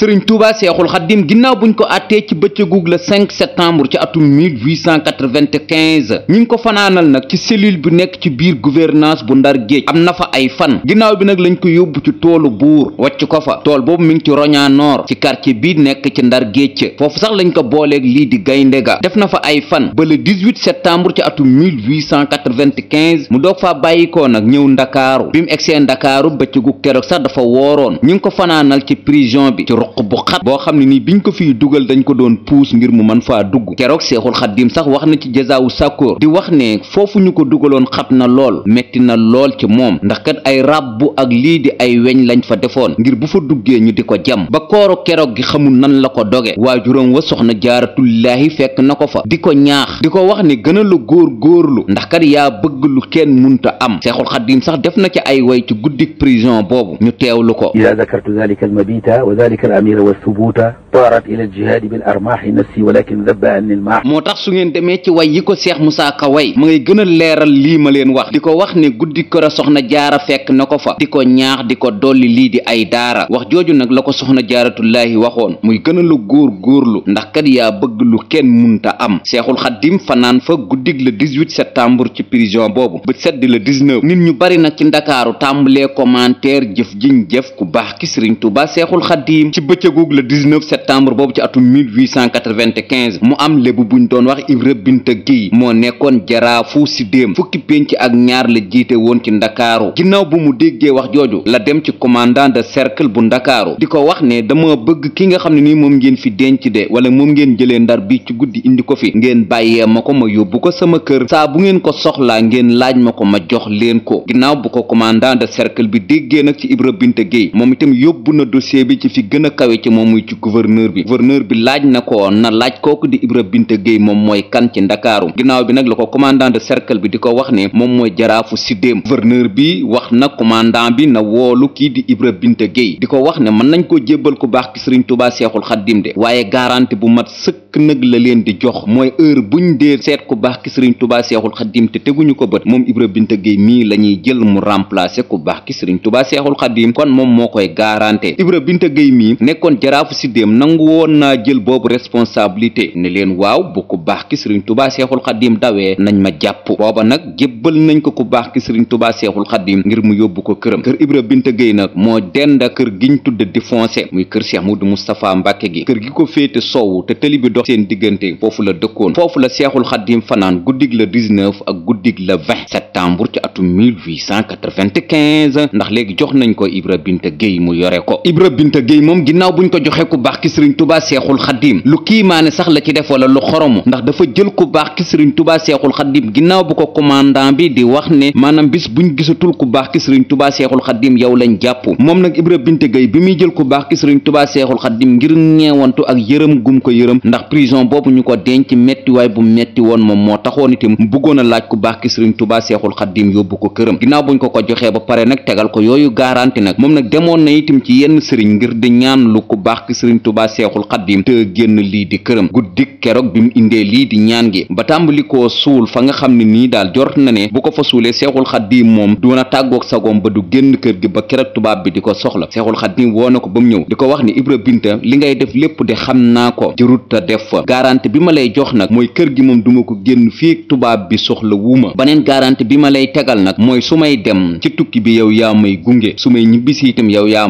sëriñ Touba Seexul Xaddim ginnaaw buñ ko attee ci bëccëgug le 5 septembre ci atum 1895 ñi ngi ko fanaanal nag ci cellule bu nekk ci biir gouvernance bu ndar géej am na fa ay fan ginnaaw bi nag lañ ko yóbbu ci toolu buur wàcc ko fa tool boobu mi ngi ci Roña Nord ci quartier bii nekk ci ndar géej foofu sax lañ ko booleeg lii di gaynde ga def na fa ay fan ba le 18 septembre ci atum 1895 mu doog faa bàyyikoo nag ñëw ndakaaru bi mu egsee ndakaaru bëccëgug keroog sax dafa wooroon ñi ngi ko fanaanal ci prison bi ruq bu xat boo xam ne nii biñ ko fiy dugal dañ ko doon puus ngir mu mën faa dugg keroog seexul xaddim sax wax na ci jasaawu sàkkoor di wax ne foofu ñu ko dugaloon xat na lool metti na lool ci moom ndax kat ay ràbbu ak lii di ay weñ lañ fa defoon ngir bu fa duggee ñu di ko jam ba kooru keroog gi xamul nan la ko doge waajuram wa soxna jaaratullaahi fekk na ko fa di ko ñaax di ko wax ne gën a la góor góorlu ndax kat yaa bëgg lu kenn munta am seexul xaddim sax def na ci ay الأمير والثبوت taarat ila jihaadi bil armaahi nafsi walakin dabba anni almaax moo tax su ngeen demee ci way yi ko seex musaa ka way ma ngay gën a leeral lii ma leen wax di ko wax ne guddi kër a soxna jaara fekk na ko fa di ko ñaax di ko dolli lii di ay daara wax jooju nag la ko soxna jaaratullaahi waxoon muy gën a lu góor góorlu ndax kat yaa bëgg lu kenn munta am seexul xaddim fanaan fa guddig le 18 septembre ci prison boobu bët seddi le 19 nit ñu bari nag ci ndakaaru tàmbalee commentaire jëf ji jëf ku baax ki sëriñ tuuba seexul xaddim ci bëccëgug le 19 septembre boobu ci atum 1895 mu am lébu buñ doon wax Ibra Binta Guèye moo nekkoon jaraafu siddéem fukki pénc ak ñaar la jiite woon ci ndakaaru ginnaaw bu mu déggee wax jooju la dem ci commandant de cercle bu ndakaaru di ko wax ne dama bëgg ki nga xam ne nii moom ngeen fi denc de wala moom ngeen jëlee ndar bi ci guddi indi ko fi ngeen bàyyee ma ko ma yóbbu ko sama kër saa bu ngeen ko soxlaa ngeen laaj ma ko ma jox leen ko ginnaaw bu ko commandant de cercle bi déggee nag ci Ibra Binta Guèye moom itam a ci moom muy gouverneur bi gouverneur laaj na ko na laaj kooku di Ibra Binta Gueye moom mooy kan ci ndakaaru ginnaaw bi nag la ko commandant de cercle bi di ko wax ne moom mooy jaraafu siddéem gouverneur bi wax na commandant bi na woolu kii di Ibra Binta Gueye di ko wax ne mën nañ ko jébbal ku baax ki sëriñ Tuubaa Seexul Xaddim de waaye garanti bu mat sëkk nag la leen di jox mooy heure buñ dee seet ku baax ki sëriñ Tuubaa Seexul Xaddim te teguñu ko bët moom Ibra Binta Gueye mii la ñuy jël mu remplacer ku baax ki sëriñ Tuubaa Seexul Xaddim moom moo koy nangu woon naa jël boobu responsabilité ne leen waaw bu ku baax ki sëriñ tubaa seexul xaddiim dawee nañ ma jàpp booba nag jébbal nañ ko ku baax ki sëriñ tubaa seexul xaddiim ngir mu yóbbu ko këram kër ibra binta géy nag moo dend ak kër gi tudd di foncé muy kër seex mudu mustapha mbàkke gi kër gi ko féete soowu te tëli bi dox seen diggante foofu la dëkkoon foofu la seexul xaddiim fanaan guddig la 19 ak guddig la 20 septembre ci atum 1895 ndax léegi jox nañ ko ibra binta géy mu yore ko ibra binta géy moom ginnaaw ko sëriñ tubaa seexul xaddiim lu kiimaane sax la ci def wala lu xoromu ndax dafa jël ku baax ki sëriñ tubaa seexul xaddiim ginnaaw bu ko commandant bi di wax ne maanaam bis bu ñu gisatul ku baax ki sëriñ tubaa seexul xaddiim yow lañ jàpp moom nag Ibra Binte Gay bi muy jël ku baax ki sëriñ tubaa seexul xaddiim ngir ñeewantu ak yërëm gum ko yërëm ndax prison boobu ñu ko denc mettiwaay bu metti woon moom moo taxoon itam bëggoon a laaj ku baax ki sëriñ tubaa seexul xaddiim yóbbu ko këram ginnaaw buñ ko ko joxee ba pare nag tegal ko yooyu garanti nag moom nag demoon na itam ci yenn sëriñ ngir di ñaan ku baax ki sëriñ Tuubaa Seexul Xaddim te génn lii di këram guddik keroog bi mu indee lii di ñaan gi ba tàmbali ko suul fa nga xam ne nii daal jort na ne bu ko fa suulee Seexul Xaddim moom doona tàggoog sagoom ba du génn kër gi ba keroog tubaab bi di ko soxla Seexul Xaddim woo na ko ba mu ñëw di ko wax ni Ibra Binta li ngay def lépp de xam naa ko jëruta def fa garanti bi ma lay jox nag mooy kër gi moom duma ko génn fii tubaab bi soxla wuuma baneen garanti bi ma lay tegal nag mooy su may dem ci tukki bi yow yaa may gunge su may yow yaa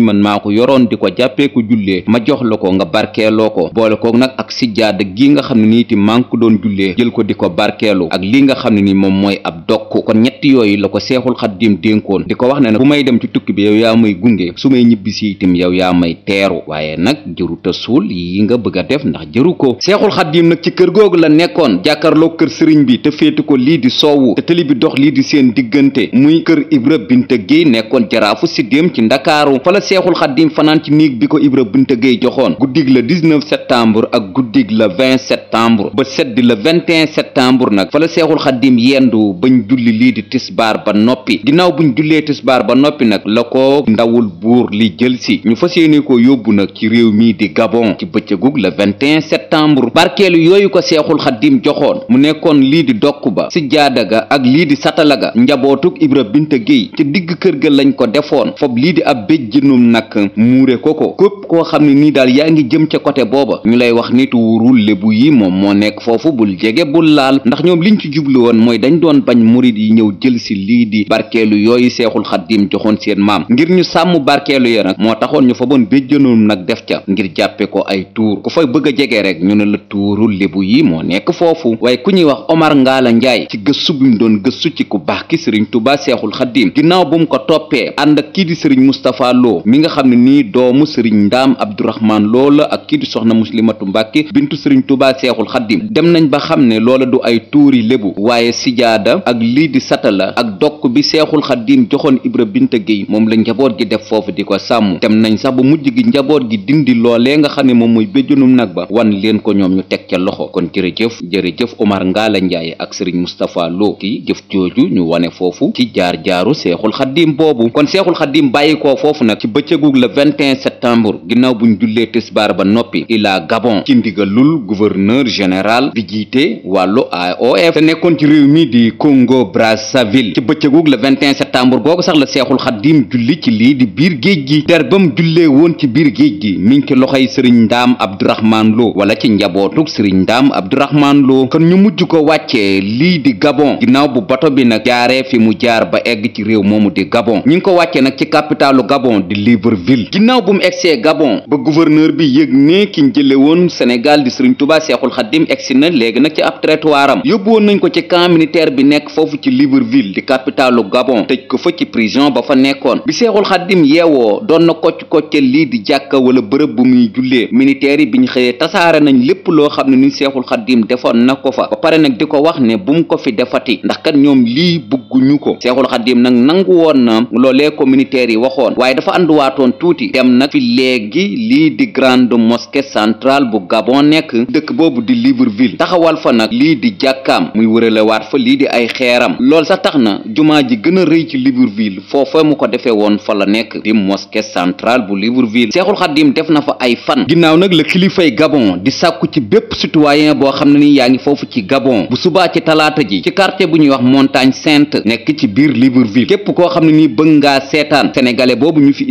ni man maa ko yoroon di ko jàppee ko jullee ma jox la ko nga barkeeloo ko boole koog nag ak sijjaada gi nga xam ne nii ti man ko doon jullee jël ko di ko barkeelu ak li nga xam ne ni moom mooy ab dokk kon ñett yooyu la ko seexul xaddim dénkoon di ko wax ne nag bu may dem ci tukki bi yow yaa may gunge su may ñibbisi itam yow yaa may teeru waaye nag jëru ta suul yi nga bëgg a def ndax jëru ko seexul xaddim nag ci kër googu la nekkoon jàkkaarloo kër sëriñ bi te féete ko lii di soowu te tëli bi dox lii di seen diggante muy kër Ibra Binta Géy seexul xaddim fanaan ci néeg bi ko Ibra Bunta Gueye joxoon guddig la 19 septembre ak guddig la 20 septembre ba seddi la 21 septembre nag fa la seexul xaddim yendu bañ julli lii di tisbaar ba noppi ginnaaw buñ jullee tisbaar ba noppi nag la ko ndawul buur li jël si ñu fa yéene ko yóbbu nag ci réew mii di Gabon ci bëccëgug le 21 septembre barkeelu yooyu ko seexul xaddim joxoon mu nekkoon lii di dokk ba si ga ak lii di satalaga njabootug Ibra Bunta Gueye ci digg kër ga lañ ko defoon fob mbugalum nag muure ko ko képp koo xam ne nii daal yaa ngi jëm ca côté booba ñu lay wax nit wuurul lébu yi moom moo nekk foofu bul jege bul laal ndax ñoom ñu ci jublu woon mooy dañ doon bañ murit yi ñëw jël si lii di barkeelu yooyu seexul xaddiim joxoon seen maam ngir ñu sàmm barkeelu ya nag moo taxoon ñu fa boon béjjanoon nag def ca ngir jàppe ko ay tuur ku fay bëgg a jege rek ñu ne la tuurul lébu yi moo nekk foofu waaye ku ñuy wax Omar Ngaala Njaay ci gëstu bi doon gëstu ci ku baax ki sëriñ Tuubaa seexul xaddiim ginnaaw bu mu ko toppee ànd ak kii di sëriñ Mustapha Lo mi nga xam ne nii doomu sëriñ ndaam abdourahman loola ak kii di soxna muslimatu mbàkke bintu sëriñ tuuba seexul xaddim dem nañ ba xam ne loola du ay tuuri lébu waaye sijaada ak lii di satala ak dokk bi seexul xaddim joxoon ibra binta géy moom la njaboot gi def foofu di ko sàmm dem nañ sax ba mujj gi njaboot gi dindi loolee nga xam ne moom mooy béjjunum nag ba wan leen ko ñoom ñu teg ca loxo kon jërëjëf jërëjëf Omar Ngalla Ndiaye ak sëriñ Moustapha Lo ki jëf jooju ñu wane foofu ci jaar jaaru seexul bëccëgug le 21 septembre ginnaaw buñ jullee tisbaar ba noppi ila Gabon ci ndigalul gouverneur général bi jiite wàllu AOF te nekkoon ci réew mi di Congo Brazzaville ci bëccëgug le 21 septembre googu sax la seexul xaddim julli ci lii di biir géej gi der bam jullee woon ci biir géej gi miñ ci loxoy sëriñ ndaam Abdourahman Lo wala ci njabootug sëriñ ndaam Abdourahman Lo kon ñu mujj ko wàccee lii di Gabon ginnaaw bu bato bi nag jaaree fi mu jaar ba eg ci réew moomu Libreville ginnaaw bu mu egsee Gabon ba gouverneur bi yëg ne ki ñu jële woon Sénégal di Serigne Touba Seexul Xaddim egsi na léegi nag ci ab traitoire am yóbbu woon nañ ko ci camp militaire bi nekk foofu ci Libreville di capitalu Gabon tëj ko fa ci prison ba fa nekkoon bi Seexul Xaddim yeewoo doon na kocc kocce lii di jàkka wala bërëb bu muy jullee militaire yi bi ñu xëyee tasaare nañ lépp loo xam ne ni Seexul Xaddim defoon na ko fa ba pare nag di ko wax ne bu mu ko fi defati ndax ñoom lii bugguñu ko Seexul Xaddim nag nangu woon na yi waxoon delluwaatoon tuuti dem nag fi léegi lii di grande mosquée centrale bu Gabon nekk dëkk boobu di Libreville taxawal fa nag lii di jàkkaam muy wëralewaat fa lii di ay xeeram lool sax tax na jumaa ji gën a rëy ci Libreville foofa mu ko defee woon fa la nekk di mosquée centrale bu Libreville Seexul Xaddim def na fa ay fan ginnaaw nag la kilifay Gabon di sàkku ci bépp citoyen boo xam ne ni yaa ngi foofu ci Gabon bu subaa ci talaata ji ci quartier bu ñuy wax Montagne Sainte nekk ci biir Libreville képp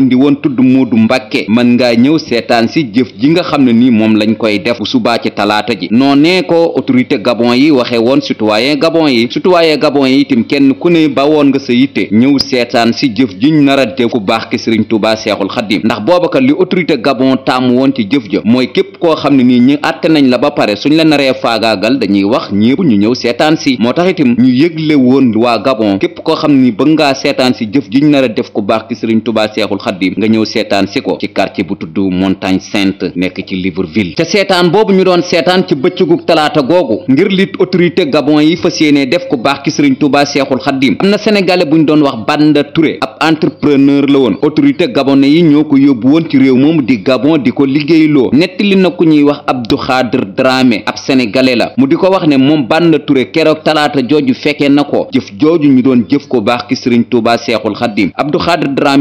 indi woon tudd du Mbàkke mën ngaa ñëw seetaan si jëf ji nga xam ne nii moom lañ koy def bu subaa ci talaata ji noonee ko autorité gabon yi waxe woon citoyen gabon yi citoyen gabon yi itam kenn ku ne bawoon nga sa yitte ñëw seetaan si jëf jiñ nar a def ku baax ki Sëriñ Tuubaa Seexul Xadiim ndax booba kat li autorité gabon taamu woon ci jëf ja mooy képp koo xam ne nii ñi àtte nañ la ba pare suñ la naree faagaagal dañuy wax ñépp ñu ñëw seetaan si moo tax itam ñu yëgle woon waa gabon képp koo xam ni bëgg ngaa seetaan si jëf jiñ nar a def baax ki Sëriñ Tuubaa Seexul Xadiim bi nga ñëw seetaan si ko ci quartier bu tudd montagne sainte nekk ci Libreville te seetaan boobu ñu doon seetaan ci bëccëgu talaata googu ngir li autorité gabon yi fas yéenee def ko baax ki sëriñ Touba Seexul Xaddim am na sénégalais bu ñu doon wax Banda Touré ab entrepreneur la woon autorité gabonais yi ñoo ko yóbbu woon ci réew moomu di gabon di ko liggéeyloo nettali na ku ñuy wax Abdou Khadir Dramé ab sénégalais la mu di ko wax ne moom Banda Touré keroog talaata jooju fekkee na ko jëf jooju ñu doon jëf ko baax ki sëriñ Touba Seexul Xaddim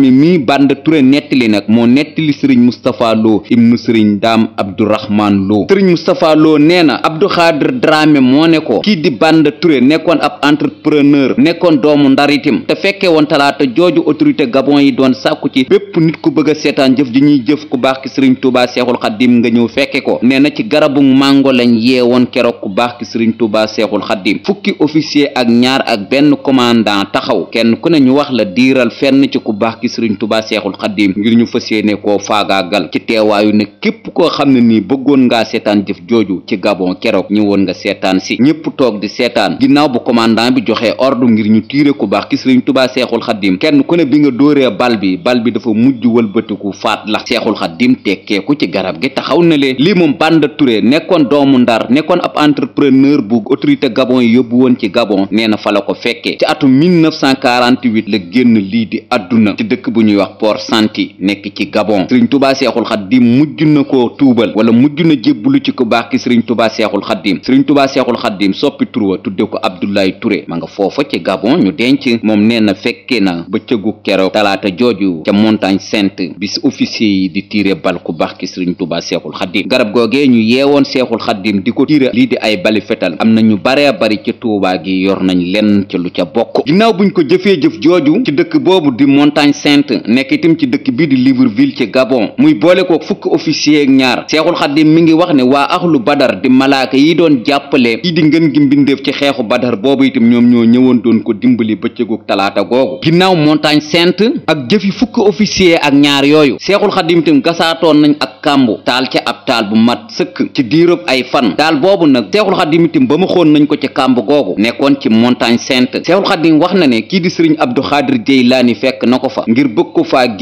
mii Banda Touré nettali nag moo nettali sëriñ Moustapha Lo ibnu sëriñ Daam Abdourahman Lo sëriñ Moustapha Lo nee na Abdou Khadir Dramé moo ne ko di Banda Touré nekkoon ab entrepreneur nekkoon doomu Ndar itam te fekkee woon talaata jooju autorité Gabon yi doon sàkku ci bépp nit ku bëgg a seetaan jëf ji ñuy jëf ku baax ki sëriñ Touba Seexul Xaddim nga ñëw fekke ko nee na ci garabu mango lañ yee woon keroog ku baax ki sëriñ Touba Seexul Xaddim fukki officier ak ñaar ak benn commandant taxaw kenn ku ne ñu wax la diiral fenn ci ku baax ki sëriñ Touba Seexul xaddim ngir ñu fas yéene koo faagaagal ci teewaayu ne képp koo xam ne nii bëggoon ngaa seetaan jëf jooju ci gabon keroog ñëwoon nga seetaan si ñëpp toog di seetaan ginnaaw bu commandant bi joxee ordre ngir ñu tiire ku baax ki sëriñ tubaa seexul xaddim kenn ku ne bi nga dooree bal bi bal bi dafa mujj wëlbatiku faat la seexul xaddim tekkeeku ci garab gi taxaw na leen lii moom Banda Touré nekkoon doomu ndar nekkoon ab entrepreneur bu autorité gabon yi yóbbu woon ci gabon nee na fa la ko fekkee ci atum 1948 la génn lii di àdduna dëkk bu ñuy wax port santi nekk ci gabon sëriñ tubaa seexul xaddim mujj na koo tuubal wala mujj na jébbalu ci ku baax ki sëriñ tubaa seexul xaddim sëriñ tubaa seexul xaddim soppi turwa tudde ko abdoulaye touré ma nga foofa ci gabon ñu denc moom nee na fekkee na bëccëgu keroog talaata jooju ca montagne sainte bis officier yi di tiire bal ku baax ki sëriñ tubaa seexul xaddim garab googee ñu yeewoon seexul xaddim di ko tiire lii di ay bali fetal am na ñu baree bari ci tuubaa gi yor nañ lenn ci lu ca bokk ginnaaw buñ ko jëfee jëf jooju ci dëkk boobu di montagne sainte nekk ci dëkk bii di Libreville ci Gabon muy boole kook fukki officier ak ñaar Seexul Xaddim mi ngi wax ne waa axlu badar di malaaka yi doon jàppale yi di ngën gi mbindeef ci xeexu badar boobu itam ñoom ñoo ñëwoon doon ko dimbali bëccëgu talaata googu ginnaaw montagne sainte ak jëfi fukk officier ak ñaar yooyu Seexul Xaddim itam gasaatoon nañ ak kàmbu taal ca ab taal bu mat sëkk ci diirëb ay fan taal boobu nag Seexul Xaddim itam ba mu xoon nañ ko ci kàmb googu nekkoon ci montagne sainte Seexul Xaddim wax na ne kii di sëriñ Abdou Xaadir Jeylaani fekk na ko fa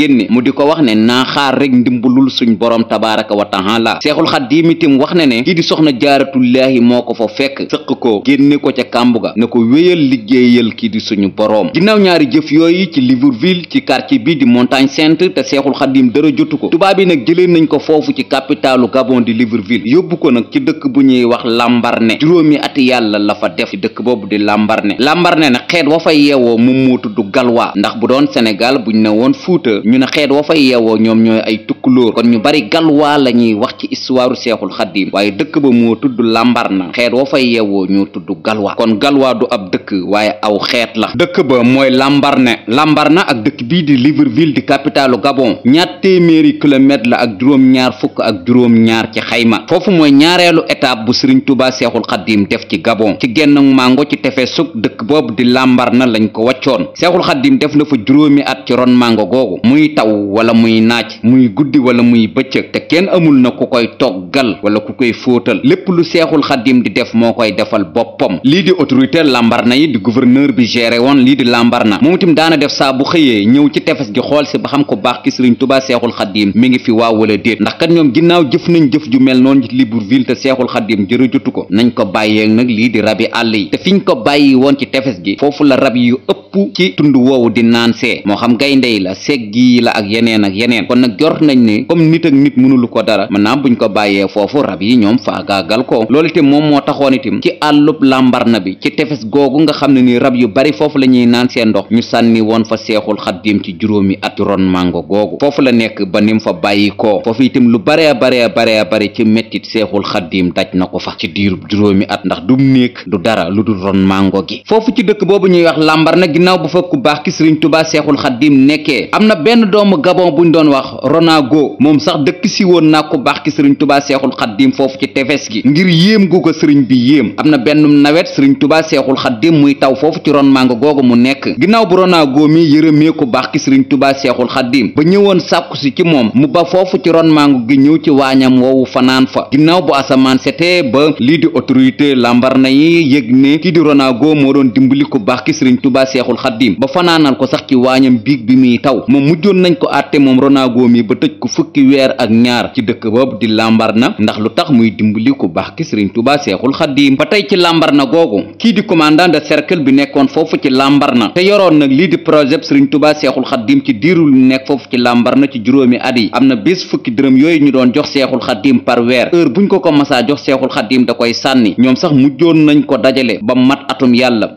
génne mu di ko wax ne naa xaar rek ndimbalul suñ borom tabaraka wa la seexul xadiim itam wax ne ne kii di soxna jaaratullaahi moo ko fa fekk sëq ko génne ko ca kàmb ga na ko wéyal liggéeyal kii di suñu boroom ginnaaw ñaari jëf yooyu ci Libreville ci quartier bi di Montagne Sainte te seexul xadiim dara jotu ko tubaab yi nag jëlee nañ ko foofu ci capitalu Gabon di Libreville yóbbu ko nag ci dëkk bu ñuy wax Lambaréné juróomi ati yàlla la fa def ci dëkk boobu di Lambaréné Lambaréné nag xeet wa fa yeewoo moom moo tudd ñu ne xeet wa fay yeewoo ñoom ñoo ay tukk loor kon ñu bari galwaa la ñuy wax ci histoire seexul xaddiim waaye dëkk ba moo tudd Lambaréné xeet wa fa yeewoo ñoo tudd galwaa kon galwaa du ab dëkk waaye aw xeet la dëkk ba mooy Lambaréné Lambaréné ak dëkk bii di Libreville di capitalu Gabon ñaar téeméeri kilomètre la ak juróom-ñaar fukk ak juróom-ñaar ci xayma foofu mooy ñaareelu étape bu Sëriñ Tuubaa Seexul Xaddiim def ci Gabon ci genn màngo ci tefesug dëkk boobu di Lambaréné lañ ko wàccoon Seexul muy taw wala muy naaj muy guddi wala muy bëccëg te kenn amul na ku koy toggal wala ku koy fóotal lépp lu seexul xaddim di def moo koy defal boppam lii di autorité lambar na yi di gouverneur bi géré woon lii di lambar na moom itam daana def saa bu xëyee ñëw ci tefes gi xool si ba xam ko baax ki sëriñ tubaa seexul xaddim mi ngi fi waaw wala déet ndax kat ñoom ginnaaw jëf nañ jëf ju mel noon noonu ci Libreville te seexul xaddim jërë jotu ko nañ ko bàyyeeg nag lii ëpp ci tund woowu di naan see moo xam gaynde yi la segg yi la ak yeneen ak yeneen kon nag jort nañ ne comme nit ak nit mënulu ko dara maanaam buñ ko bàyyee foofu rab yi ñoom faagaagal ko lool itam moom moo taxoon itam ci àllub làmbarna bi ci tefes googu nga xam ne ni rab yu bari foofu la ñuy naan seen ndox ñu sànni woon fa seexul xaddiim ci juróomi at ron màngo googu foofu la nekk ba nim fa bàyyi koo foofu itam lu bare bare bare bare ci mettit seexul xaddiim daj na ko fa ci diirub juróomi at ndax du néeg du dara lu dul ron màngo gi ginnaaw bu fa ku baax ki sëriñ tubaa seexul xaddim nekkee am na benn doomu gabon ñu doon wax ronago moom sax dëkk si woon naa ku baax ki sëriñ tubaa seexul xaddim foofu ci tefes gi ngir yéem gu ko sëriñ bi yéem am na benn nawet sëriñ tubaa seexul xaddim muy taw foofu ci ron màng googu mu nekk ginnaaw bu ronago mi yërëmee ku baax ki sëriñ tubaa seexul xaddim ba ñëwoon sàkku si ci moom mu ba foofu ci ron màngo gi ñëw ci waañam woowu fanaan fa ginnaaw bu asamaan setee ba lii di autorité lambar na yi yëg ne kii di moo doon dimbali ku baax ki sëriñ tubaa seexul seexul xaddiim ba fanaanal ko sax ci waañam biig bi muy taw moom mujjoon nañ ko àtte moom Ronago mi ba tëj ko fukki weer ak ñaar ci dëkk boobu di lambar na ndax lu tax muy dimbali ko baax ki sëriñ Tuubaa seexul xaddiim ba tey ci lambar na googu kii di commandant de cercle bi nekkoon foofu ci lambar na te yoroon nag lii di projet sëriñ Tuubaa seexul xaddiim ci diiru lu nekk foofu ci lambar na ci juróomi at yi am na bés fukki dërëm yooyu ñu doon jox seexul xaddiim par weer heure buñ ko ko masaa jox seexul xaddiim da koy sànni ñoom sax mujjoon nañ ko dajale ba mat atum yàlla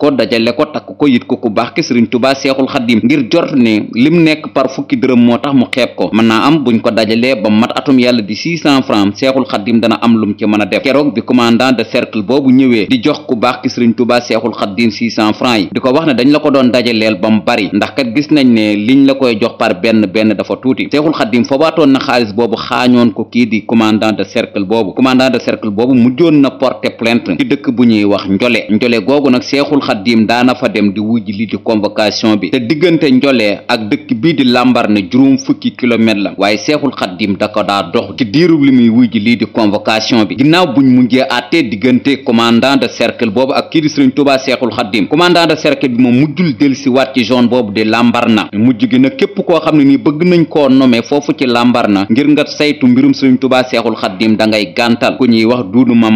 ko dajale ko takk ko yit ko ku baax ki sëriñ tubaa seexul xaddim ngir jort ne lim nekk par fukki dërëm moo tax mu xeeb ko mën na am buñ ko dajalee ba mu mat atum yàlla di 600 francs seexul xaddim dana am lum ci mën a def keroog bi commandant de cercle boobu ñëwee di jox ku baax ki sëriñ tubaa seexul xaddim 600 francs yi di ko wax ne dañ la ko doon dajaleel ba mu bari ndax kat gis nañ ne liñ la koy jox par benn benn dafa tuuti seexul xaddim foobaatoon na xaalis boobu xaañoon ko kii di commandant de cercle boobu commandant de cercle boobu mujjoon na porter plainte ci dëkk bu ñuy wax njole njole googu nag seexul xaddiim daana fa dem di wujj li di convocation bi te diggante njolee ak dëkk bii di làmbar ne juróom fukki kilomètre la waaye seexul xaddiim da ko daa dox ci diirub li muy wujj lii di convocation bi ginnaaw buñ mujjee àttee diggante commandant de cercle boobu ak kii di sëriñ Tuubaa seexul xaddiim commandant de cercle bi moom mujjul del si waat ci zone boobu di Lambaréné mujj gi nag képp koo xam ne nii bëgg nañ koo nommer foofu ci na ngir nga saytu mbirum sëriñ Tuubaa seexul xaddiim da ngay gàntal ku ñuy wax Duudu ma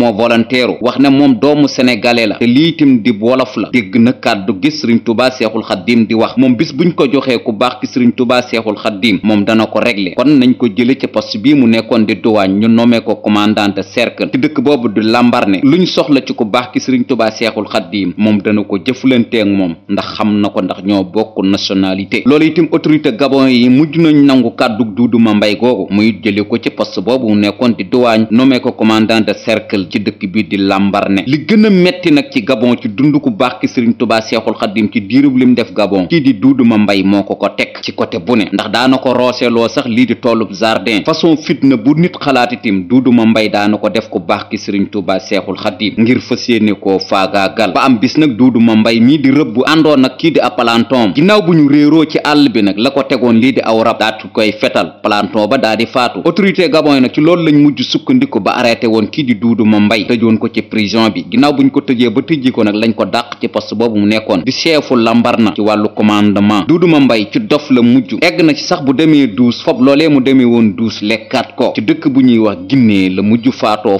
Mbay moo volontaire wax ne moom doomu sénégalais la te lii itam di wolof la dégg na kàddu gi sëriñ tubaa seexul xaddiim di wax moom bis buñ ko joxee ku baax ki sëriñ tubaa seexul xaddiim moom dana ko régler kon nañ ko jële ci poste bii mu nekkoon di duwaañ ñu nommé ko commandant de cercle ci dëkk boobu du lambarne luñ soxla ci ku baax ki sëriñ tubaa seexul xaddiim moom dana ko jëflante te moom ndax xam na ko ndax ñoo bokk nationalité loolu itam autorité gabon yi mujj nañ nangu kàddu duuduma mbay googu muy jële ko ci poste boobu mu nekkoon di duwaañ nommé ko commandant de cercle ci ci dëkk bii di Lambaréné li gën a metti nag ci gabon ci dund ku baax ki sëriñ tubaa seexul xaddim ci diirub lim def gabon kii di duuduma mbay moo ko ko teg ci côté bu ne ndax daana ko rooseloo sax lii di tollub jardin façon fitna bu nit xalaatitim duuduma mbay daana ko def ku baax ki sëriñ tubaa seexul xaddim ngir fas yéene koo faagaagal ba am bis nag duuduma mbay mii di rëbb àndoon nag kii di apalantoom ginnaaw bu ñu réeroo ci àll bi nag la ko tegoon lii di aw rab daatu koy fetal palanton ba daa di faatu autorité gabon yi nag ci loolu lañ mujj sukkandiku ba arrêté woon kii di mbay tëjoon ko ci prison bi ginnaaw buñ ko tëjee ba tëjji ko nag lañ ko dàq ci poste boobu mu nekkoon di chefu Lambaréné ci wàllu commandement Duudu Mambay ci dof la mujj egg na ci sax bu demee duus ko ci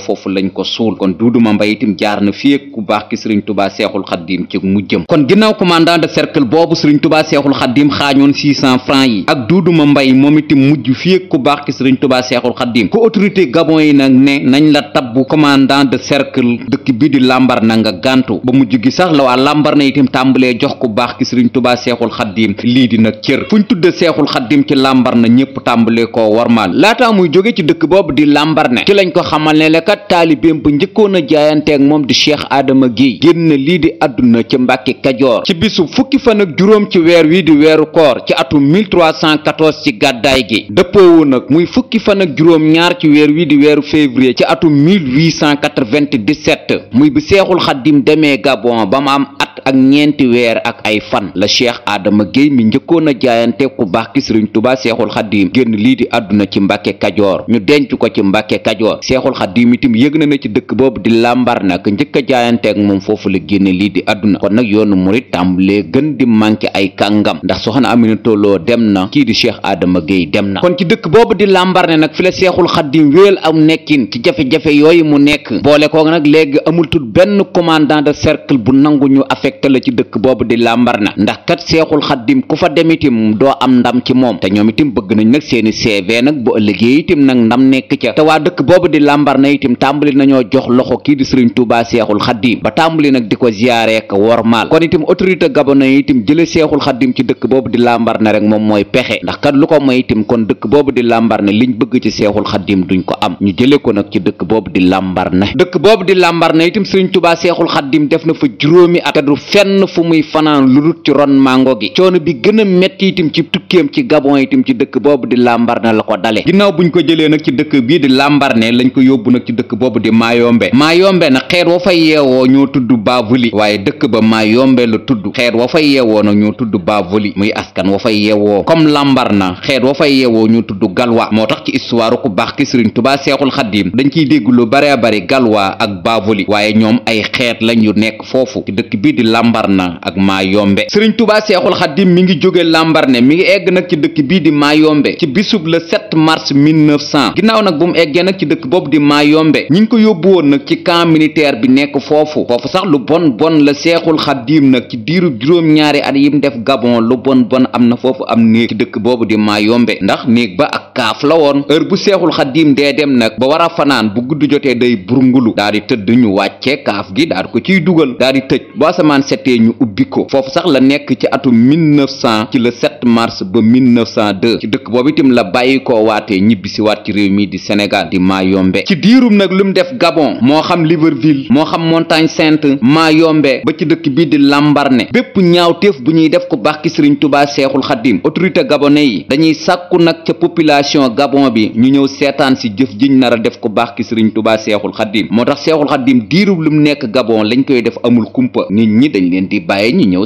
foofu lañ ko suul kon Duudu Mambay itam jaar na fii ku baax ki Sëriñ Tubaa Seexul Xaddiim ci mujjëm kon ginnaaw commandant de cercle boobu Sëriñ Tubaa Seexul Xaddiim xaañoon 600 francs yi ak Duudu Mambay moom itam mujj fii ku baax ki Sëriñ Tubaa Seexul Xaddiim intendant de cercle dëkk bii di lambar na nga gàntu ba mujj gi sax la waa lambar na itam tàmbalee jox ku baax ki tubaa seexul xaddiim lii di nag cër fu ñu tudde seexul xaddiim ci lambar na ñëpp tàmbalee koo warmaal laataa muy jóge ci dëkk boobu di lambar ne ci lañ ko xamal ne la kat taalibeem bu njëkkoon a jaayanteeg moom di cheikh aadama géey génn lii di àdduna ci mbàkke kajoor ci bisu fukki fan ak juróom ci weer wi di weeru koor ci atum 1314 ci gàddaay gi dëppoowu nag muy fukki fan ak juróom ñaar ci weer wi di weeru février ci 1997 muy bi seexul xaddim demee Gabon ba mu am at ak ñeenti weer ak ay fan la Cheikh Adama Guèye mi njëkkoon a jaayante ku baax ki Sëriñ Tuubaa seexul xaddim génn lii di àdduna ci Mbàkke Kajoor ñu denc ko ci Mbàkke Kajoor seexul xaddim itam yëg na ne ci dëkk boobu di làmbar nag njëkk a moom foofu la génn lii di àdduna kon nag yoonu murit tàmbalee gën di manqué ay kàngam ndax soxna Aminata Lo dem na kii di Cheikh Adama Guèye dem na kon ci dëkk boobu di làmbar nag fi la seexul xaddim wéel am nekkin ci jafe-jafe yooyu mu nekk boole koo nag léegi amultul benn commandant de cercle bu nangu ñu affecté la ci dëkk boobu di làmbar na ndax kat seexul xaddim ku fa dem itam doo am ndam ci moom te ñoom itim bëgg nañ nag seeni CV nag bu ëllëgee itam nag ndam nekk ca te waa dëkk boobu di lambar na itam tàmbali nañoo jox loxo kii di sëriñ Tuubaa seexul xaddim ba tàmbali nag di ko ziyaare ak wormaal kon itam autorité gabonais itam jële seexul xaddim ci dëkk boobu di làmbar na rek moom mooy pexe ndax kat lu ko moy itam kon dëkk boobu di làmbar na liñ bëgg ci seexul xaddim duñ ko am ñu jële ko nag ci dëkk boobu di làmbar Lambaréné dëkk boobu di Lambaréné itam Sëriñ Tuubaa Seexul Xaddim def na fa juróomi at te du fenn fu muy fanaan lu dul ci ron mango gi coono bi gën a metti itam ci tukkeem ci Gabon itam ci dëkk boobu di Lambaréné la ko dale bu ñu ko jëlee nag ci dëkk bii di Lambaréné lañ ko yóbbu nag ci dëkk boobu di Mayombe Mayombe nag xeet wa fa yeewoo ñoo tudd Bavoli waaye dëkk ba maa yombe la tudd xeet wa fa yeewoo na ñoo tudd Bavoli muy askan wa fa yeewoo comme Lambaréné xeet wa fa yeewoo ñoo tudd Galwa moo tax ci histoire ku baax ki Sëriñ Tuubaa Seexul Xaddim dañ ciy dégg lu bare bare galwaa ak baavoli waaye ñoom ay xeet lañ yu nekk foofu ci dëkk bii di lambarna ak maayombe sëriñ tubaa seexul xaddim mi ngi jóge lambarne mi ngi egg nag ci dëkk bii di maayombe ci bisub le 7 mars 1900 ginnaaw nag bu mu eggee nag ci dëkk boobu di maayombe ñi ngi ko yóbbu woon nag ci camp militaire bi nekk foofu foofu sax lu bon bon la seexul xaddim nag ci diiru juróom-ñaari at yim def gabon lu bon bon am na foofu am néeg ci dëkk boobu di maayombe ndax néeg mburu ngulu daa di tëdd ñu wàccee kaaf gi daa di ko ciy dugal daa di tëj bu asamaan settee ñu ubbi ko foofu sax la nekk ci atum 1900 ci la 7 mars ba 1902 ci dëkk boobu itam la bàyyi koo waatee ñibbisi waat ci réew mi di Sénégal di Mayombe ci diirum nag lu mu def Gabon moo xam Libreville moo xam Montagne Sainte Mayombe ba ci dëkk bii di Lambaréné bépp ñaawteef bu ñuy def ko baax ki Sëriñ Tuubaa Seexul Xaddim autorité gabonais yi dañuy sàkku nag ca population Gabon bi ñu ñëw seetaan si jëf jiñ nar a def ko baax ki Sëriñ Tuubaa Seexul Xaddim moo tax Seexul Xaddim diirub lu mu nekk Gabon lañ koy def amul kumpa nit ñi dañ leen di bàyyi ñu ñëw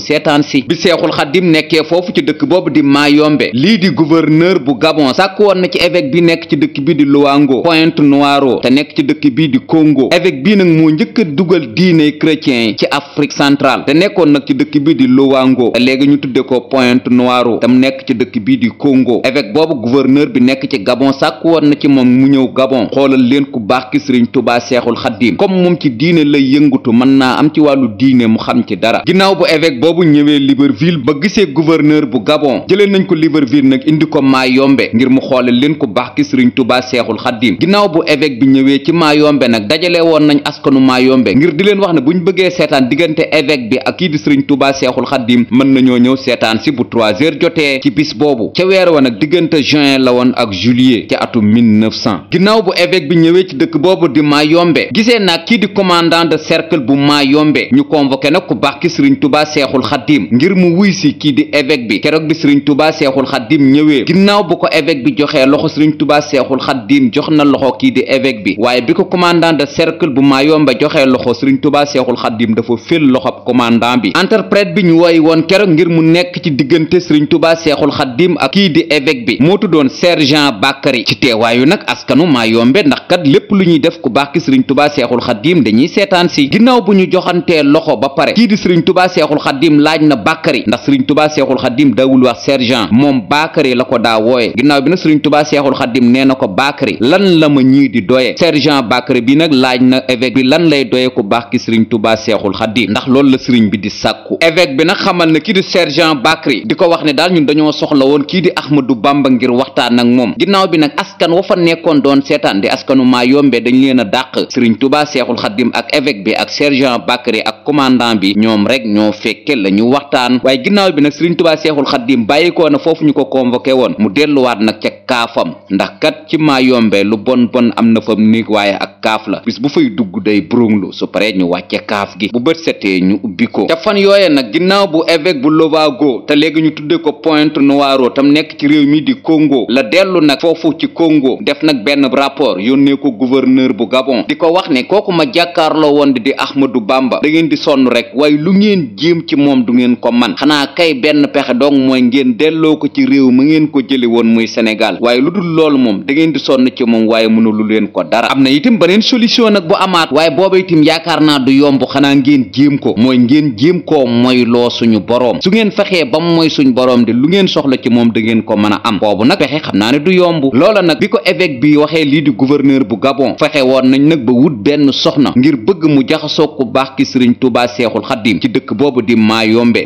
boobu di Mayombe lii di gouverneur bu Gabon sàkk woon na ci évêque bi nekk ci dëkk bi di Luango Pointe-Noire te nekk ci dëkk bii di Congo évêque bii nag moo njëkk dugal diine chrétien yi ci Afrique central te nekkoon nag ci dëkk bi di Luango te léegi ñu tudde ko Pointe-Noire mu nekk ci dëkk bii di Congo évêque boobu gouverneur bi nekk ci Gabon sàkk woon na ci moom mu ñëw Gabon xoolal leen ku baax ki Sëriñ Tuubaa Seexul Xaddiim comme moom ci diine lay yëngutu mën naa am ci wàllu diine mu xam ci dara ginnaaw bu évêque boobu ñëwee Libreville ba gisee gouverneur bu Gabon gabon jëlee nañ ko Libreville nag indi ko Mayombe ngir mu xoole leen ku baax ki sëriñ tubaa seexul xaddiim ginnaaw bu évêque bi ñëwee ci Mayombe nag dajale woon nañ askanu Mayombe ngir di leen wax ne buñ bëggee seetaan diggante évêque bi ak kii di sëriñ tubaa seexul xaddiim mën nañoo ñëw seetaan si bu trois heures jotee ci bis boobu ca weer wa nag diggante juin la woon ak juillet ci atum 1900 ginnaaw bu évêque bi ñëwee ci dëkk boobu di Mayombe gisee kii di commandant de cercle bu Mayombe ñu convoqué nag ku baax ki sëriñ tubaa seexul xaddiim ngir mu wuy si kii di évêque bi keroog bi sëriñ tubaa seexul xaddim ñëwee ginnaaw bu ko évêque bi joxee loxo sëriñ tubaa seexul xaddim jox na loxo kii di évêque bi waaye bi ko commandant de cercle bu maayomba joxee loxo sëriñ tubaa seexul xaddim dafa fél loxob commandant bi interprète bi ñu woy woon keroog ngir mu nekk ci diggante sëriñ tubaa seexul xaddim ak kii di évêque bi moo tuddoon sergent Bakary ci teewaayu nag askanu maayombe ndax kat lépp lu ñuy def ku baax ki sëriñ tubaa seexul xaddim dañuy seetaan si ginnaaw bu ñu joxantee loxo ba pare kii di sëriñ tubaa seexul xaddim laaj na Bakary ndax sëriñ tubaa seexul xaddim dawul wax wax sergent moom baakari la ko daa wooye ginnaaw bi nag sëriñ tubaa seexul xaddim nee na ko baakari lan la ma ñii di doye sergent baakari bi nag laaj na évêque bi lan lay doye ku baax ki sëriñ tubaa seexul xaddim ndax loolu la sëriñ bi di sàkku évêque bi nag xamal na kii di sergent baakari di ko wax ne daal ñun dañoo soxla woon kii di ahmadou bamba ngir waxtaan ak moom ginnaaw bi nag askan wa a nekkoon doon seetaan di askanu maa yombee dañ leen a dàq sëriñ tubaa seexul xaddim ak évêque bi ak sergent ak commandant bi ñoom rek ñoo fekke bi nag sëriñ bàyyi ko na foofu ñu ko convoqué woon mu delluwaat nag ca kaafam ndax kat ci maa yombe lu bon bon am na fa néeg waaye ak kaaf la bis bu fay dugg day burunglu su paree ñu wàcce kaaf gi bu bët setee ñu ubbi ko ca fan yooye nag ginnaaw bu évêque bu Lovago te léegi ñu tuddee ko Pointe Noire tam nekk ci réew mi di Congo la dellu nag foofu ci kongo def nag benn rapport yónnee ko gouverneur bu Gabon di ko wax ne kooku ma jàkkaarloo woon di di Ahmadou Bamba da ngeen di sonn rek waaye lu ngeen jéem ci moom du ngeen ko man xanaa kay benn pexe dong mooy ngeen delloo ko ci réew ma ngeen ko jële woon muy Sénégal waaye lu dul lool moom da di sonn ci moom waaye mënu lu leen ko dara am na itam beneen solution nag bu amaat waaye booba itam yaakaar naa du yomb xanaa ngeen jéem ko mooy ngeen jéem koo mooy loo suñu boroom su ngeen fexee ba mooy suñu boroom de lu ngeen soxla ci moom da ngeen ko mën a am boobu nag fexe xam naa ne du yomb loola nag bi ko évêque bi waxee lii di gouverneur bu Gabon fexe woon nañ nag ba benn soxna ngir bëgg mu jaxasoo ku baax ki sëriñ Tuubaa Seexul Xaddim di Mayombe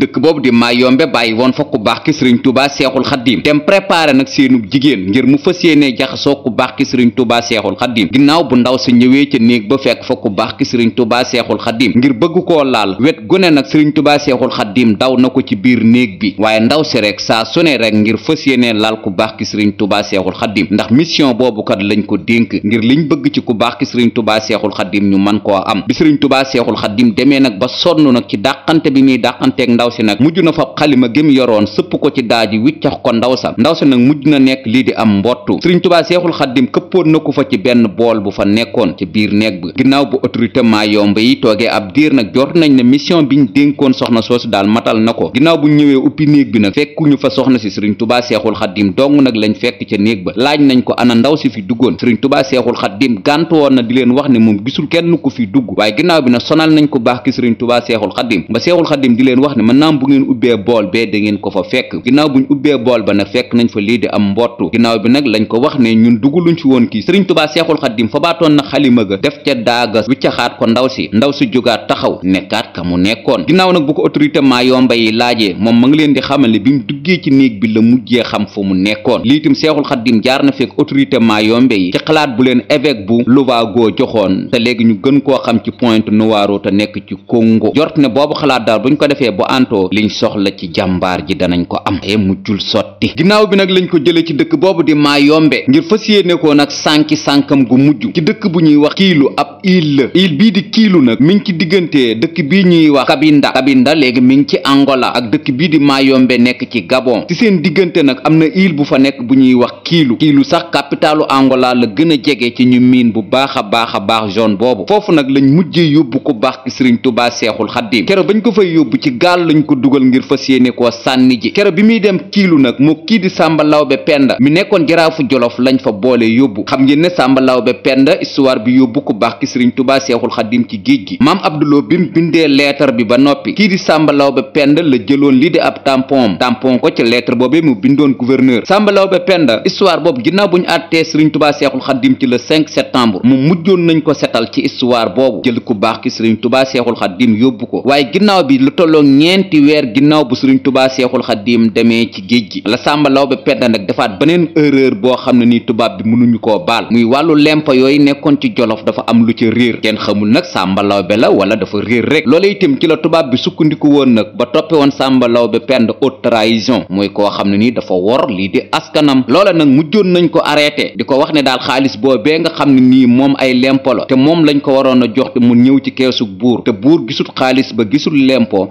dëkk boobu di Mayombe Ndombe bàyyi woon fa ku baax ki sëriñ Touba Seexul Xaddiim dem préparé nag seenub jigéen ngir mu fas yéene jaxasoo ku baax ki sëriñ Touba Seexul Xaddiim ginnaaw bu ndaw sa ñëwee ca néeg ba fekk fa ku baax ki sëriñ Touba Seexul Xaddiim ngir bëgg koo laal wet gune nag sëriñ Touba Seexul Xaddiim daw na ko ci biir néeg bi waaye ndaw si rek saa su rek ngir fas yéene laal ku baax ki sëriñ tubaa Seexul Xaddiim ndax mission boobu kat lañ ko dénk ngir liñ bëgg ci ku baax ki sëriñ Touba Seexul Xaddiim ñu man koo am bi sëriñ Touba Seexul Xaddiim ndaw si nag mujj xalima gém yoroon sëpp ko ci daaji wiccax ko ndaw sa ndaw sa nag mujj na nekk lii di am mbottu sëriñ tubaa seexul xaddim këppoon na ko fa ci benn bool bu fa nekkoon ci biir neeg bi ginnaaw bu autorité maa yomb yi toogee ab diir nag jort nañ ne mission bi biñ dénkoon soxna soosu daal matal na ko ginnaaw bu ñëwee uppi néeg bi nag fekkuñu fa soxna si sëriñ tubaa seexul xaddim dong nag lañ fekk ca néeg ba laaj nañ ko ana ndaw si fi duggoon sëriñ tubaa seexul xaddim gàntu woon na di leen wax ne moom gisul kenn ku fi dugg waaye ginnaaw bi nag sonal nañ ko baax ki sëriñ tubaa seexul xaddim bool bee da ngeen ko fa fekk ginnaaw buñ ubbee bool ba nag fekk nañ fa lii di am mbottu ginnaaw bi nag lañ ko wax ne ñun duguluñ ci woon kii sëriñ tubaa seexul xaddim fa na xalima ga def ca daaga wiccaxaat ko ndaw si ndaw si jógaat taxaw nekkaat ka mu nekkoon ginnaaw nag bu ko autorité maa yomba yi laajee moom ma ngi leen di xamal bi mu duggee ci néeg bi la mujjee xam fu mu nekkoon liitam seexul xaddim jaar na fekk autorité maa yombe yi ci xalaat bu leen évêque bu Louvago joxoon te léegi ñu gën koo xam ci Pointe-Noire te ci jàmbaar ji danañ ko am te mujjul sotti ginnaaw bi nag lañ ko jële ci dëkk boobu di Mayombe ngir fas yéene ko nag sànki sànkam gu mujj ci dëkk bu ñuy wax kiilu ab île la île bii di kiilu nag mi ngi ci diggante dëkk bii ñuy wax Kabinda Kabinda léegi mi ngi ci Angola ak dëkk bii di Mayombe nekk ci Gabon ci seen diggante nag am na île bu fa nekk bu ñuy wax kiilu kiilu sax capitalu Angola la gën a jege ci ñu miin bu baax a baax a baax zone boobu foofu nag lañ mujjee yóbbu ko baax ki Sëriñ Tuubaa Seexul Xaddiim yéene koo sànni ji kero bi muy dem kiilu nag mu kii di sàmba lawbe penda mi nekkoon jaraafu jolof lañ fa boole yóbbu xam ngeen ne sàmba lawbe penda histoire bi yóbbu ku baax ki sëriñ tubaa ci géej gi maam abduloo bi mu bindee lettre bi ba noppi kii di sàmba lawbe penda la jëloon lii di ab tampon tampon ko ci lettre boobee mu bindoon gouverneur sàmba lawbe penda histoire boobu ginnaaw bu ñu àttee sëriñ tubaa seexul xadim ci la 5 septembre mu mujjoon nañ ko setal ci histoire boobu jël ku baax ki sëriñ tubaa seexul xadim yóbbu ko waaye ginnaaw bi lu tolloo ñeenti weer ginnaaw bu sëriñ tubaa seexul xaddiim demee ci géej gi la sàmba lawbe penda nag defaat beneen erreur boo xam ne nii tubaab bi mënuñu koo baal muy wàllu lempa yooyu nekkoon ci jolof dafa am lu ci réer kenn xamul nag sàmba be la wala dafa réer rek loola itam ci la tubaab bi sukkandiku woon nag ba toppe woon sàmba lawbe penda haute trahison mooy koo xam ne nii dafa wor lii di askanam loola nag mujjoon nañ ko arrêté di ko wax ne daal xaalis boobee nga xam ne nii moom ay lempalo te moom lañ ko waroon a jox te ñëw ci keesu buur te buur gisul xaalis ba gisul lempo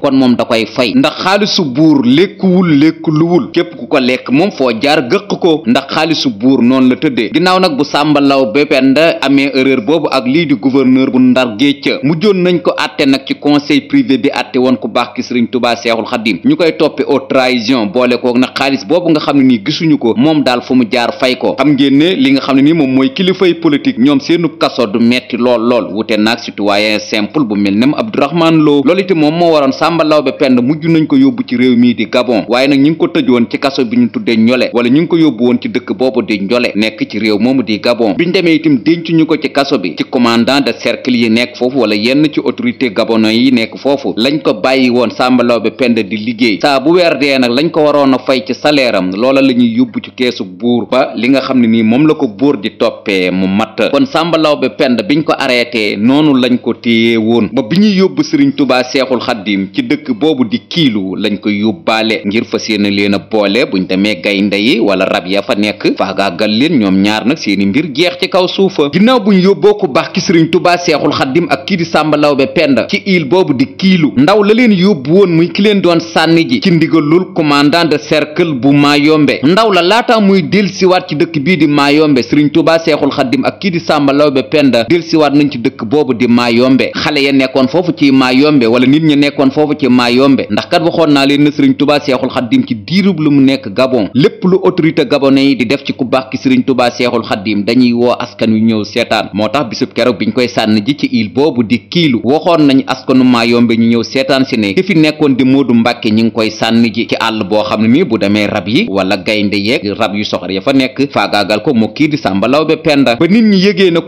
xaalisu buur lekkuwul lekk luwul képp ku ko lekk moom foo jaar gëq ko ndax xaalisu buur noonu la tëddee ginnaaw nag bu sàmbalaw bépenda amee erreur boobu ak lii di gouverneur bu ndar géej mujjoon nañ ko atte nag ci conseil privé bi atte woon ku baax ki sëriñ tubaa seexul xadim ñu koy toppe au trahison boole koog nag xaalis boobu nga xam ne nii gisuñu ko moom daal fu mu jaar fay ko xam ngeen li nga xam ne nii moom mooy kilifay politique ñoom seenu kaso du metti lool lool wute naag ci réew mii di Gabon waaye nag ñu ngi ko tëj woon ci kaso bi ñu tuddee ñole wala ñu ngi ko yóbbu woon ci dëkk boobu di ñole nekk ci réew moomu di Gabon biñ demee itam denc ñu ko ci kaso bi ci commandant de cercle yi nekk foofu wala yenn ci autorité gabono yi nekk foofu lañ ko bàyyi woon Samba Laobé pend di liggéey saa bu weer dee nag lañ ko waroon a fay ci salaire am loola la ñuy yóbbu ci keesu buur ba li nga xam ne nii moom la ko buur di toppee mu matt kon Samba Laobé Penda biñ ko arrêté noonu lañ ko téye woon ba bi ñuy yóbbu Serigne Touba Seexul Xaddim ci dëkk boobu di kiilu dañ koy yóbbaale ngir fas yéene leen a boole buñ demee gaynde yi wala rab ya fa nekk faagaagal leen ñoom ñaar nag seeni mbir jeex ci kaw suufa ginnaaw buñ yóbboo ku baax ki sëriñ tubaa seexul xaddim ak kii di sàmba lawbe penda ci île boobu di kiilu ndaw la leen yóbbu woon muy ki leen doon sànni ji ci ndigalul commandant de cercle bu maayombe ndaw la laata muy delsiwaat ci dëkk bii di maayombe sëriñ tubaa seexul xaddim ak kii di sàmba lawbe penda delsiwaat nañ ci dëkk boobu di maayombe xale ya nekkoon foofu ci maayombe wala nit ñi nekkoon foofu ci maayombe ndax kat waxoon naa leen na sëriñ tubaa seexul xaddim ci diirub lu mu nekk gabon lépp lu autorité gabonais yi di def ci ku baax ki sëriñ tubaa seexul xaddim dañuy woo askan wi ñëw seetaan moo tax bisub keroog biñ koy sànn ji ci île boobu di kiilu waxoon nañ askanu Maayombe ñu ñëw seetaan si yi di Sàmba ba nit ñi yëgee na ci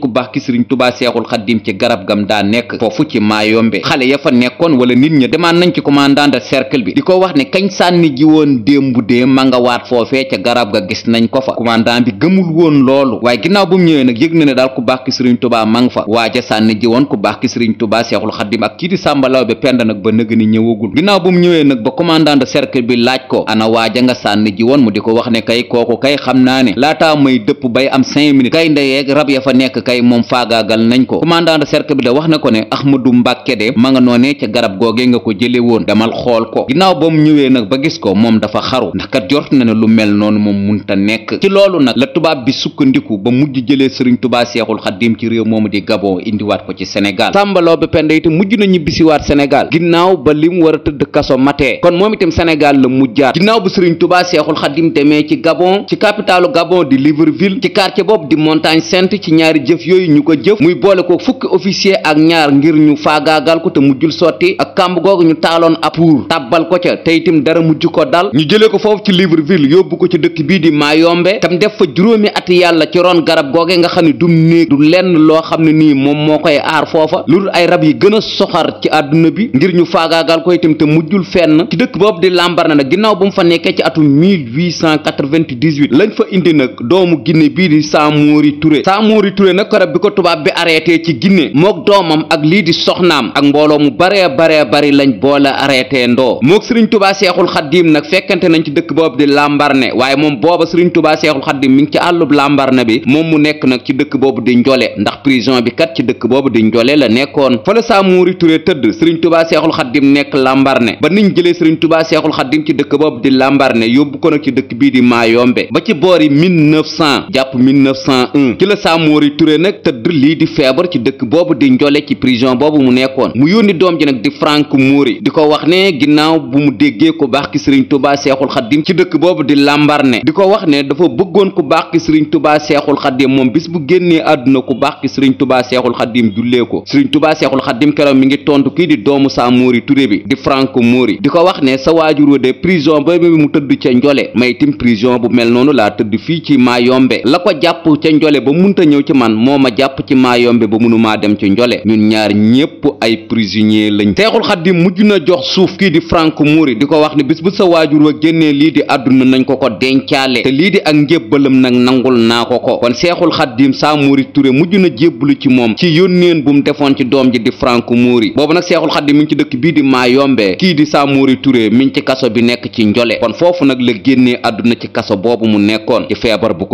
ku baax ki sëriñ tubaa seexul xaddim ci garab gam daa nekk foofu ci maayombe xale ya fa nekkoon wala nit ña demaan nañ ci commandant de cercle bi di ko wax ne kañ sànni ji woon démbu dee ma waat foofee ca garab ga gis nañ ko fa commandant bi gëmul woon loolu waaye ginnaaw bu mu ñëwee nag yëg na ne daal ku baax ki sëriñ tubaa ma nga fa waaja sànni ji woon ku baax ki sëriñ tubaa seexul xaddim ak kii di sàmbalaw bi pend nag ba nëg ni ñëwagul ginnaaw bu mu ñëwee nag ba commandant de cercle bi laaj ko ana waaja nga sànni ji woon mu di ko wax ne kay kooku kay xam naa ne laataa may dëpp bay am cinq minutes kay ndeyeeg rab ya fa nekk kay moom faagaagal nañ da wax na ko ne Ahmadou Mbàkke de ma nga noonee ca garab googe nga ko jële woon demal xool ko ginnaaw ba mu ñëwee nag ba gis ko moom dafa xaru ndax kat jort na ne lu mel noonu moom munta nekk ci loolu nag la tubaab bi sukkandiku ba mujj jëlee sëriñ tubaa seexul xaddim ci réew moomu di Gabon indiwaat ko ci Sénégal Samba Laobé Penda itam mujj na ñibbisiwaat Sénégal ginnaaw ba lim war a tëdd kaso matee kon moom itam Sénégal la mujjaat ginnaaw bu sëriñ tubaa seexul xaddim demee ci Gabon ci capitalu Gabon di Libreville fukki officier ak ñaar ngir ñu faagaagal ko te mujjul sotti ak kàmb googu ñu taaloon ab pour tàbbal ko ca te itam dara mujj ko dal ñu jëlee ko foofu ci Libreville yóbbu ko ci dëkk bi di Mayombe tam def fa juróomi at yàlla ci ron garab googe nga xam ne du néeg du lenn loo xam ne nii moom moo koy aar foofa lu dul ay rab yi gën a soxar ci àdduna bi ngir ñu faagaagal ko itam te mujjul fenn ci dëkk boobu di Lambaréné na ginnaaw bu mu fa nekkee ci atum 1898 lañ fa indi nag doomu Guinée bii di Samori Touré Samori Touré nag garab jinne mook doomam ak lii di soxnaam ak mbooloo mu baree baree bari lañ boole arrêté ndoo mook sëriñ tubaa seexul xaddiim nag fekkante nañ ci dëkk boobu di lambarne waaye moom booba sëriñ tubaa seexul xaddiim mi ngi ci àllub lambarne bi moom mu nekk nag ci dëkk boobu di njole ndax prison bi kat ci dëkk boobu di njole la nekkoon fa la Samori Touré tëdd sëriñ tubaa seexul xaddiim nekk lambarne ba niñ jëlee sëriñ tubaa seexul xaddiim ci dëkk boobu di lambarne yóbbu ko nag ci dëkk bii di maayombe ba ci boori 1900 jàpp 1901 ci la Samori Touré nag tëdd lii di boobu di njole ci prison boobu mu nekkoon mu yónni doom ji nag di Frank Moori di ko wax ne ginnaaw bu mu déggee ku baax ki sëriñ Tuubaa Seexul Xaddim ci dëkk boobu di Lambaréné di ko wax ne dafa bëggoon ku baax ki sëriñ Tuubaa Seexul Xaddim moom bis bu génnee àdduna ku baax ki sëriñ Tuubaa Seexul Xaddim jullee ko sëriñ Tuubaa Seexul Xaddim keroog mi ngi tontu kii di doomu saa Moori Touré bi di Frank Moori di ko wax ne sa waajur wa de prison ba mu tëdd ca njole may tim prison bu mel noonu laa tëdd fii ci Mayombe la ko jàpp ca njole ba munta ñëw ci man moo ma jàpp ci Mayombe ba mënu maa dem ci njole ñun ñaar ñépp ay prisonnier lañ seexul xaddim mujj na jox suuf kii di Frank Mouri di ko wax ne bis bu sa waajur wa génnee lii di àdduna nañ ko ko dencaale te lii di ak njébbalam nag nangul naa ko ko kon seexul xaddim saa Mouri Touré mujj na jébbalu ci moom ci yónneen bu mu defoon ci doom ji di Frank Mouri boobu nag seexul xaddim mi ngi ci dëkk bii di Mayombe kii di saa Mouri Touré mi ngi ci kaso bi nekk ci njole kon foofu nag la génnee àdduna ci kaso boobu mu nekkoon ci feebar bu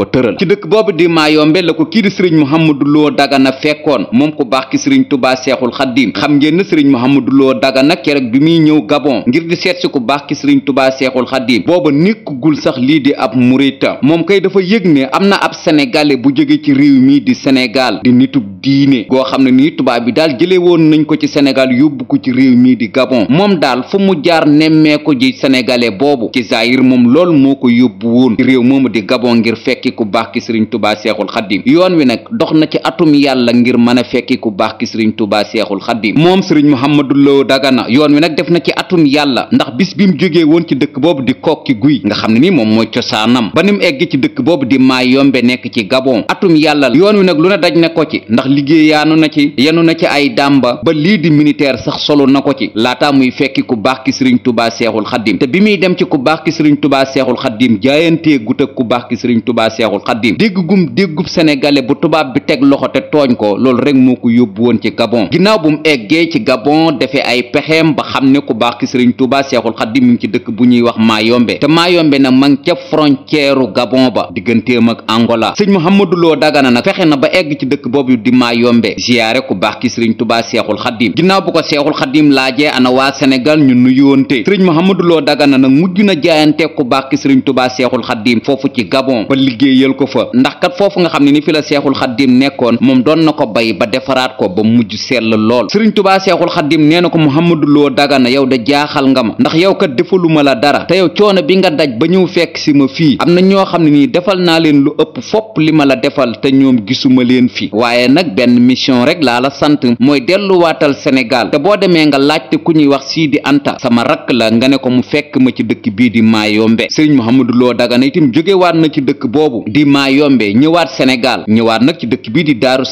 moom ku baax ki sëriñ tubaa seexul xaddim xam ngeen na sëriñ Mouhamadou Lo Dagana keroog bi muy ñëw Gabon ngir di seet si ku baax ki sëriñ tubaa seexul xaddim booba nekkagul sax lii di ab murita moom kay dafa yëg ne am na ab sénégalais bu jóge ci réew mi di sénégal di nitub diine goo xam ne nii tubaab bi daal jële woon nañ ko ci sénégal yóbbu ko ci réew mi di Gabon moom daal fu mu jaar nemmee ji sénégalais boobu ci zaayir moom lool moo ko yóbbu réew moomu di Gabon ngir fekki ku baax sëriñ tubaa seexul xaddim yoon wi nag dox na ci atum yàlla ngir mën a fekki ku baax ki sëriñ Tuubaa Seexul Xaddim moom sëriñ Muhammadu Lo Dagana yoon wi nag def na ci atum yàlla ndax bis bi mu jógee woon ci dëkk boobu di kokki guy nga xam ne ni moom mooy cosaanam ba ni mu egg ci dëkk boobu di maa yombe nekk ci Gabon atum yàlla yoon wi nag lu ne daj na ko ci ndax liggéeyaanu na ci yenu na ci ay dàmba ba lii di militaire sax solo na ko ci laataa muy fekki ku baax ki sëriñ tubaa Seexul Xaddim te bi muy dem ci ku baax ki sëriñ Tuubaa Seexul Xaddim jaayantee gut ak ku baax ki sëriñ Tuubaa Seexul Xaddim dégg gum déggub sénégalais bu tubaab bi teg loxo te tooñ ko moo ko yóbbu woon ci gabon ginnaaw bu mu eggee ci gabon defee ay pexeem ba xam ne ku baax ki sëriñ Tuuba Seexul Xadiim mi ngi ci dëkk bu ñuy wax Mayombe te Mayombe nag ma ngi ca frontière u gabon ba digganteem ak Angola sëñ Mouhamadou Lo Dagana nag na ba egg ci dëkk boobu di Mayombe ziyaare ku baax ki sëriñ Tuuba Seexul Xadiim ginnaaw bu ko Seexul Xadiim laajee ana waa Sénégal ñu nuyoonte sëriñ Mouhamadou Lo Dagana nag mujj na jaayante ku baax ki sëriñ Tuuba Seexul Xadiim foofu ci gabon ba liggéeyal ko fa ndax kat foofu nga xam ne ni fi la Seexul Xadiim nekkoon moom doon na ko bay ba defaraat ko ba mujj sell lool sëriñ tubaa seexul xaddim nee na ko muhammadu loo dagana yow da jaaxal nga ma ndax yow kat defaluma la dara te yow coono bi nga daj ba ñëw fekk si ma fii am na ñoo xam ne nii defal naa leen lu ëpp fopp li ma la defal te ñoom gisuma leen fii waaye nag benn mission rek laa la sant mooy delluwaatal Sénégal te boo demee nga laajte ku ñuy wax sii di Anta sama rakk la nga ne ko mu fekk ma ci dëkk bii di Mayombe sëriñ Muhammadu Lo Dagana itam jógewaat na ci dëkk boobu di Mayombe ñëwaat Sénégal ñëwaat nag ci dëkk bii di Daaru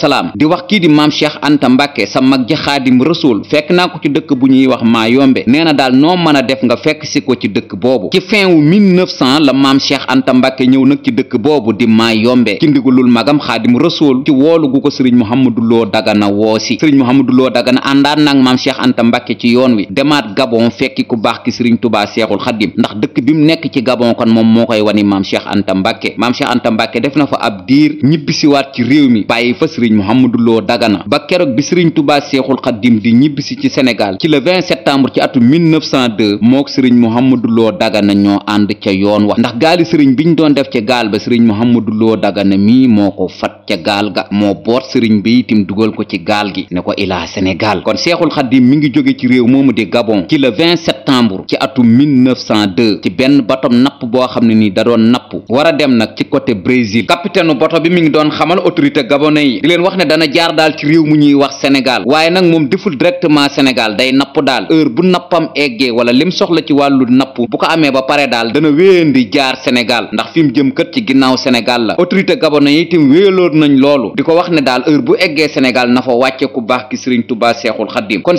maam cheikh anta mbàkke sa mag ja xaadim rasuul fekk naa ko ci dëkk bu ñuy wax maa yombe nee daal noo mën a def nga fekk si ko ci dëkk boobu ci fin wu 1900 la maam cheikh anta mbàkke ñëw nag ci dëkk boobu di maa yombe ci ndigalul magam xaadim rasuul ci woolu gu ko sëriñ mouhamadou loo dagana woosi sëriñ mouhamadou loo dagana àndaan nag maam cheikh anta mbàkke ci yoon wi demaat gabon fekki ku baax ki sëriñ tubaa seexul xadim ndax dëkk bi mu nekk ci gabon kon moom moo koy wani maam cheikh anta mbàkke maam cheikh anta mbàkke def dagana ba keroog bi sëriñ tubaa seexul xaddim di ñibbisi ci sénégal ci le 20 septembre ci atu 1902 mook sëriñ Mouhamadou Lo dagana ñoo ànd ca yoon wax ndax gaali sëriñ biñ doon def ca gaal ba sëriñ Mouhamadou Lo dagana mii moo ko fat ca gaal ga moo boot sëriñ bi itam dugal ko ci gaal gi ne ko illa sénégal kon seexul xaddim mi ngi jóge ci réew moomu di gabon ci septembre ci atum 1902 ci benn batom napp boo xam ne nii da doon napp war a dem nag ci côté Brésil capitaine bato bi mi ngi doon xamal autorité gabonais yi di leen wax ne dana jaar daal ci réew mu ñuy wax Sénégal waaye nag moom deful directement Sénégal day napp daal heure bu nappam eggee wala lim soxla ci wàllu napp bu ko amee ba pare daal dana ndi jaar Sénégal ndax fi mu jëm kët ci ginnaaw Sénégal la autorité gabonais yi itam wéeloon nañ loolu di ko wax ne daal heure bu eggee Sénégal na fa wàcce ku baax ki Serigne Seexul Xaddim kon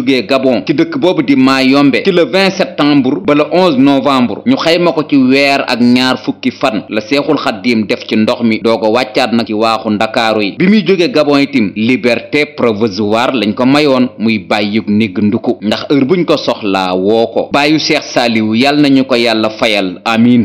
jugee Gabon ci dëkk boobu di Mayombe ci le 20 septembre ba novembre ñu xayma ko ci weer ak ñaar fukki fan la seexul xaddiim def ci ndox mi doog a wàccaat na ci waaxu ndakaaru yi bi muy jógee Gabon itim liberté provisoire lañ ko mayoon muy bàyyug nigg nduku ndax heure buñ ko soxlaa woo ko bàyyu Seex Saaliwu yàlla nañu ko yàlla fayal amin